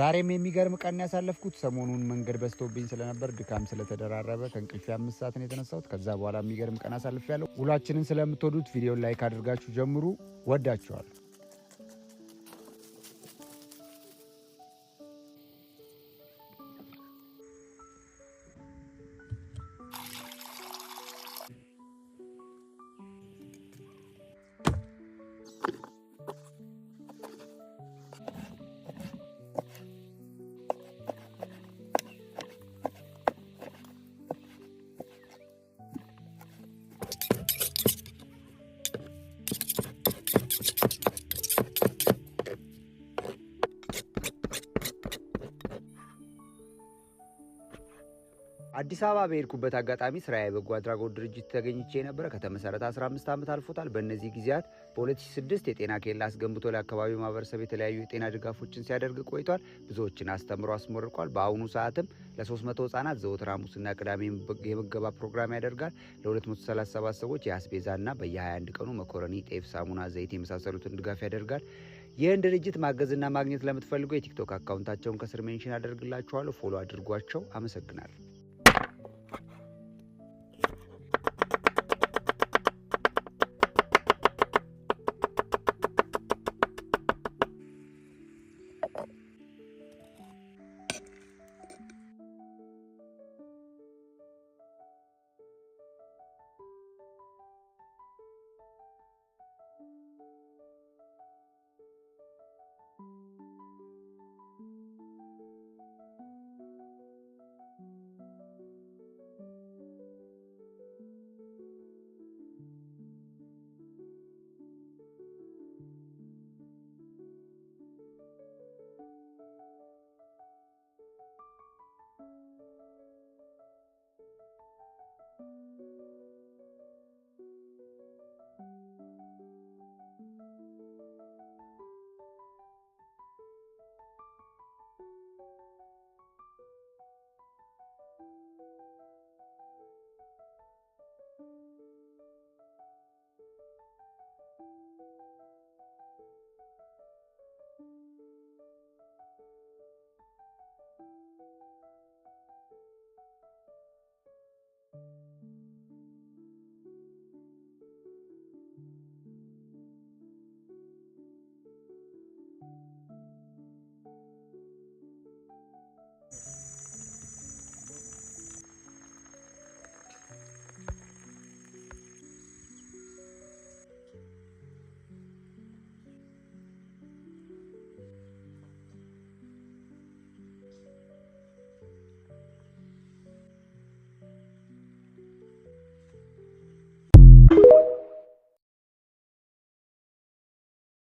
ዛሬም የሚገርም ቀን ያሳለፍኩት ሰሞኑን መንገድ በዝቶብኝ ስለነበር ድካም ስለተደራረበ ከእንቅልፌ አምስት ሰዓት ነው የተነሳሁት። ከዛ በኋላ የሚገርም ቀን አሳልፍ ያለው። ውሏችንን ስለምትወዱት ቪዲዮ ላይክ አድርጋችሁ ጀምሩ። ወዳችኋል። አዲስ አበባ በሄድኩበት አጋጣሚ ስራ የበጎ አድራጎት ድርጅት ተገኝቼ ነበረ። ከተመሰረተ 15 ዓመት አልፎታል። በእነዚህ ጊዜያት በ2006 የጤና ኬላ አስገንብቶ ለአካባቢው ማህበረሰብ የተለያዩ የጤና ድጋፎችን ሲያደርግ ቆይቷል። ብዙዎችን አስተምሮ አስመርቋል። በአሁኑ ሰዓትም ለ300 ህጻናት ዘወትር ሐሙስና ቅዳሜ የምገባ ፕሮግራም ያደርጋል። ለ237 ሰዎች የአስቤዛና በየ21 ቀኑ መኮረኒ፣ ጤፍ፣ ሳሙና፣ ዘይት የመሳሰሉትን ድጋፍ ያደርጋል። ይህን ድርጅት ማገዝና ማግኘት ለምትፈልገው የቲክቶክ አካውንታቸውን ከስር ሜንሽን አደርግላችኋለሁ። ፎሎ አድርጓቸው። አመሰግናለሁ።